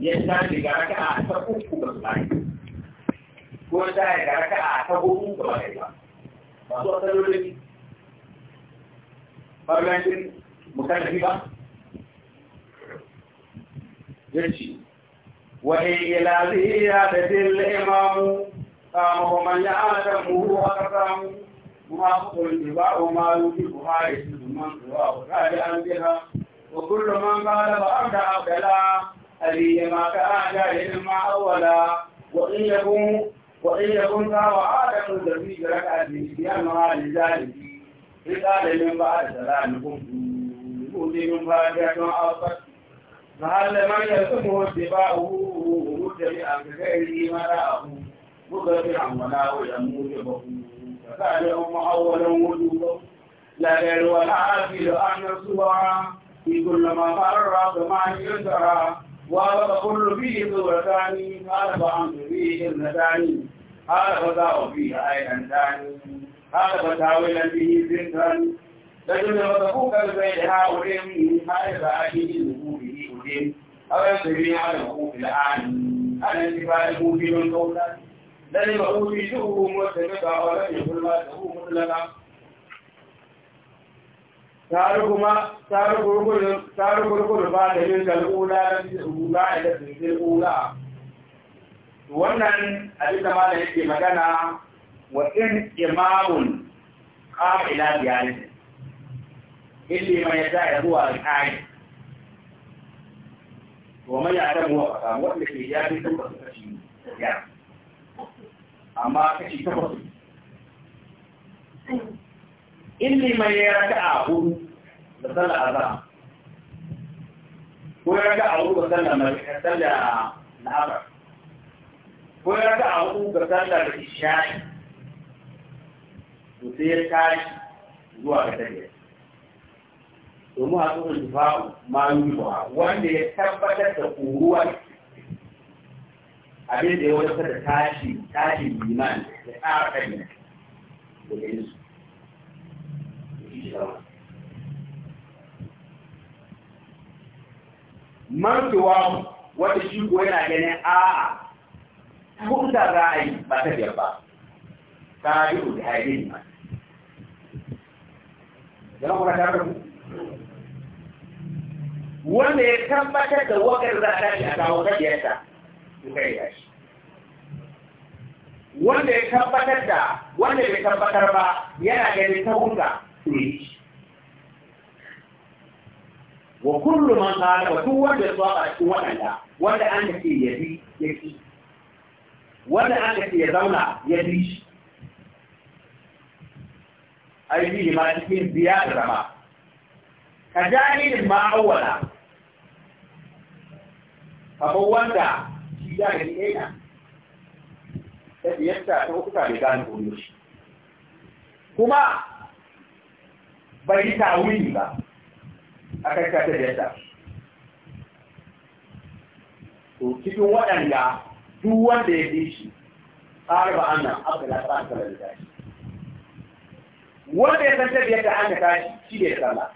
ya tashi ga raka'a ta uku ga tsari ko ta yi ga raka'a ta hudu ga bai ba masu asalolin farlancin mutane ba yarci وهي إلى زيادة الإمام قام ومن يعلمه أكرم موافق الجباء وما يوجبها يسلم من سواه راجعا بها وكل من قال فأبدع بلا أبي ما كان جاهلا أولا وإن يكون وإن يكن ثوى آدم زويج ركعته يمنع لذلك فقال من بعد سلامكم مؤذن فاجعة أو قتل فهل من يلزمه اتباعه متبعا كغيره مراه مدبرا ولا ولا موجبه فكانهم أولا وجوبه لا غير ولا عاقل أن نفسها في كل ما مر بما ينذرا وعرف كل فيه ضرتان قال فعمت فيه اثنتان قال فداء فيه ايضا ثاني قال فتاولا به بنتا لكن وتفوق البيت هؤلاء منه حائل اخيه ذكوره اذن او ينتهي على وقوف الان على انتفاع الموجب القولان لم يكن في شؤون مرتبطه ولم يكن ما له مطلقا تاركما تارك ركن تارك ركن بعد تلك الأولى da إلى تلك الأولى wannan abin da malam yake magana wa in imamun qama ila biyani illi ya yadda ya zuwa alƙari wa ya ya'lamu wa qama wanda ke yafi su kashi ya amma kashi tabbata in mai ya raka a hudu da a azhar ko ya raka a hudu da tsalla na sallar ko ya raka a hudu da sallar isha'i to sai ya tashi zuwa ga tafiya domin a da tufa'u ma yi wanda ya tabbatar da ƙuruwar abin da ya wadatar da tashi tashi liman da tsara kai da yanzu shi sama mantuwa wata shi ko yana ganin a'a hukunta za a yi ba ta biyar ba ta yi da haɗe ne yana kuma ta rabu wanda ya tabbatar da wakar za ta yi a kawo ta biyarta su kai ya shi wanda ya tabbatar da wanda bai tabbatar ba yana ganin ta hukunta tsoye wa kullum man kare duk wanda ya saba cikin waɗanda wanda an ka ce ya bi ya ki wanda an ka ce ya zauna ya bi shi aiki ma cikin biya da zama ka jahilin ma awwala kamar wanda shi ya gani ɗaya ta biyarta ta hukuka bai gane kuma bai yi tawili ba a karkata da ta. to cikin waɗanda duk wanda ya bi shi arba annan aka da ta kala da shi. wanda ya san tabbiyar ta aka tashi shi ne sallah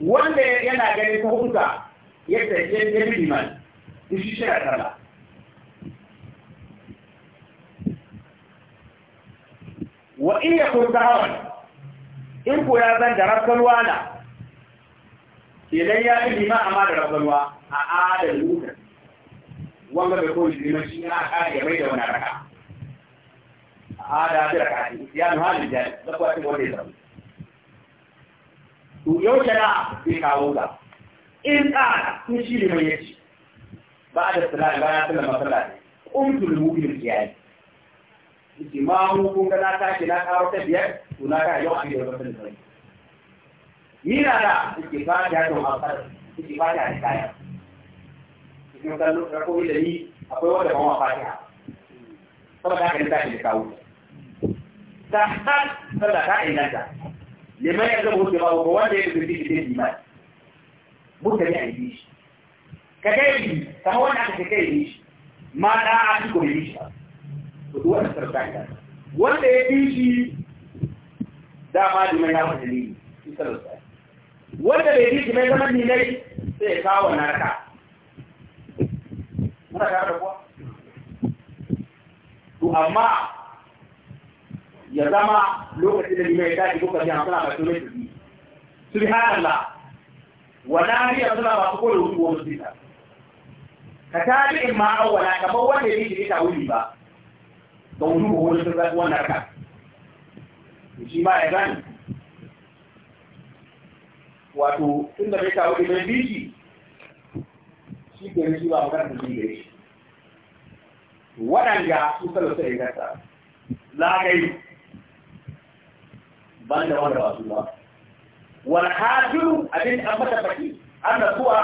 wanda yana ganin ta hukunta yadda ya bi liman shi shi ne sallah wa in yakun dahawan in ko ya zan da rafkalwa na kenan ya yi lima amma da rafkalwa a adal wutar wanga bai kawai liman shi na kare ya bai da wani raka a ada da raka ya nuna da jari da kuwa cikin wanda ya zama to yau jana bai kawo ga in tsara sun shi liman ya ci ba a da salari bayan sallar masallaci ƙuntul mu'min kiyaye imamu kun ga na tashi na kawo ta biyar to na ga yau an yi da wata da ni na da suke ba ta yau a fara suke ba ta da kaya cikin kallon rakowi da ni akwai wanda ba ma fatiha saboda haka ni tashi da kawo ta har saboda ta inganta liman ya zama wuce ba ko wanda ya zubi da liman buka ne a yi shi ka kai bi kamar wanda aka kai yi shi ma da a cikin yi shi to duk wannan sarfaka wanda ya bi shi dama da mai yawa dalili shi sarfaka wanda bai bi shi mai zaman ni nai sai ya kawo naka muna ga da kuwa to amma ya zama lokacin da limai ya tashi kuka ji hankala ba tsoron su bi subhanallah wala ni yanzu ba ku ko da wuce wani sita ka tabi in ma awwala kamar wanda yake da wuri ba da wuju wani sun zaɓi wannan ka shi ba ya gani wato tun da bai kawo ɗin biki shi ke shi ba magana da shi da shi waɗanda su salo sai gata lagai ban da wanda ba su ba wal hajju abin an mata baki an da suwa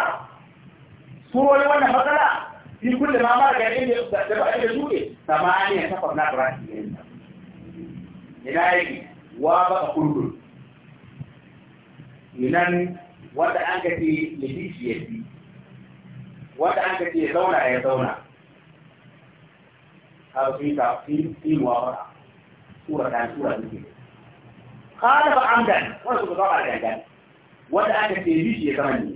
surori wannan matsala في كل ما مر قاعدين يبقى يجوي ثمانية سفر لا براسي هنا يجي وابقى كل inan wanda an ka ce ya bi shi ya bi wanda an ka ce ya zauna ya zauna ka fi ka fi fi muwafara sura dan sura duke kada ba amdan wanda suka zaba da gangan wanda an ka ce ya bi shi ya zama ne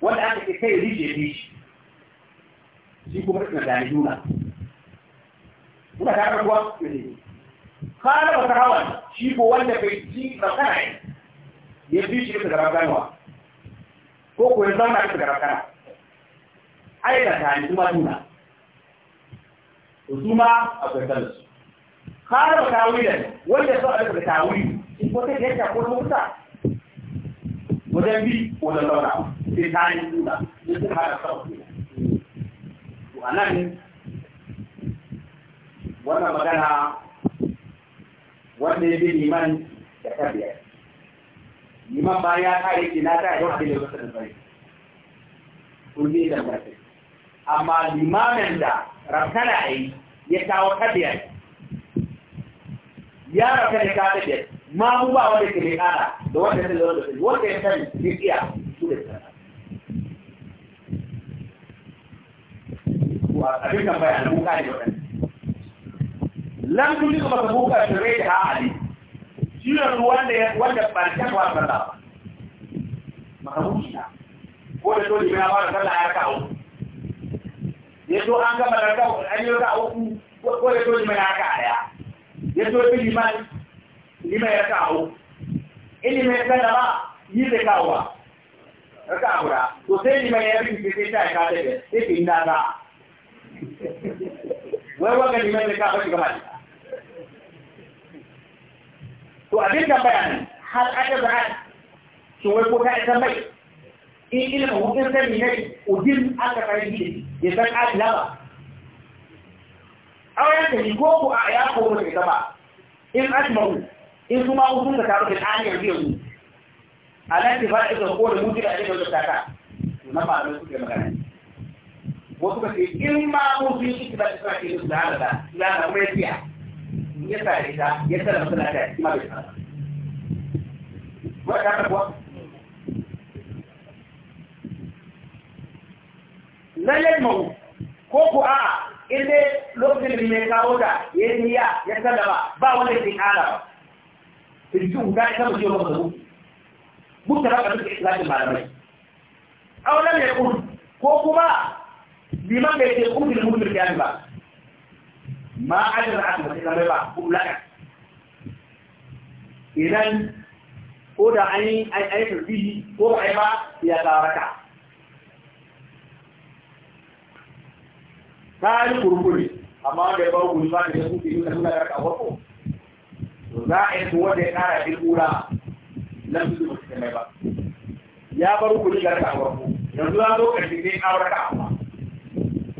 wanda an ka ce kai ya bi shi ya bi shi shi kuma da tunani juna Kuma ta ga kuwa kana ba ta hawa shi ko wanda bai ji ba kai ya bi shi da gaba ko ko ya zauna da gaba kana ai da ta ni kuma juna to su ma akwai kansu kana da tawilan wanda so a da tawili in ko sai ya ta ko mutunta wajen bi wajen zauna sai ta ni juna ne ta hada sauki wannan wannan magana wanda ya bi liman da tabiya liman ba ya kare ki na ta yau a wasu da kun yi da mace amma limamin da a yi ya kawo tabiya ya rakana ka tabiya ma mu ba wanda ke mai kara da wanda ya ta da wanda ya sani ya iya su da sana ba abin kan bayan buka ne waɗanda lan tuni ka baka buka su rai da ha'ali shi wanda wanda ba ta kwa sallah ba makaruci na ko da dole ya fara sallah ya kawo ya zo an gama da an yi ka uku ya ka daya ya zo bi liman liman ya kawo ilimin sallah ba yi da kawo ba ka guda to sai liman ya bi sai ta ka da sai da wai wanga liman da ka faɗi gaba to abin da bayanin har aka za'a shin wai ko ta isa mai in ilimin hukun sani ne ujin aka kayan shi ya san adila ba auren ta shigo ko a ya ko ba ta ba in asma'u in su ma hukun da taru da tsari yanzu yanzu a nan ta faɗi da ko da mutu da ake da ta ka na ba a suke magana wasu ba ce in ma mun sun yi shi ba suna ke su da hada da da mai tiya ya tare ta ya tare masu da ya ma bai tsara ba ya ta kuwa na yin mawu ko ku a inda lokacin da mai kawo da ya yi niyya ya sallama ba wanda ke kara ba firjin ga ita mu je maka da mutu mutu da ka duka islamin malamai aulan ya kun ko kuma liman bai ce kudin mutum ya ba ma ajiyar aka mace zama ba kuma laka idan ko da an yi aikar fiye ko ba ba ya tsaraka ta yi kurkuri amma da ya bawa kuri ba da ya kuke yi kasuna ya kawo ko za a yi wanda ya kara fi kura nan su ba ya bar kuri ga kawo ko yanzu za zo karfi ne kawo kawo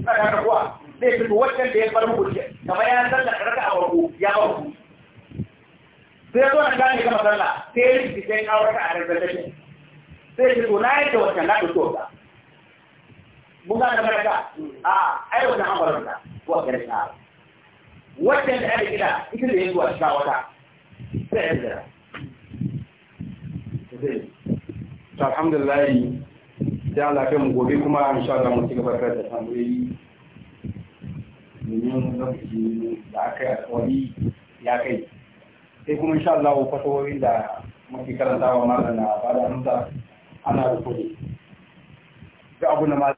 tsara da kuwa zai fito wancan da ya bar muku Kama ya san da karka a farko ya bar ku sai zo na gane gama sallah sai ya rikici sai ya wata a reservation sai ya fito na yadda wancan na fito ta mun gane maraka a ai wannan an bar ta ko gare ta wancan da ake gida ita da yanzu a shiga wata sai ya zira alhamdulillah sai an lafiya mu gobe kuma insha Allah mu ci gaba da tambayoyi domin lokaci da aka yi alkawari ya kai sai kuma sha Allah fasahohin da muke karantawa malam na bada amsa ana rukuni duk abin da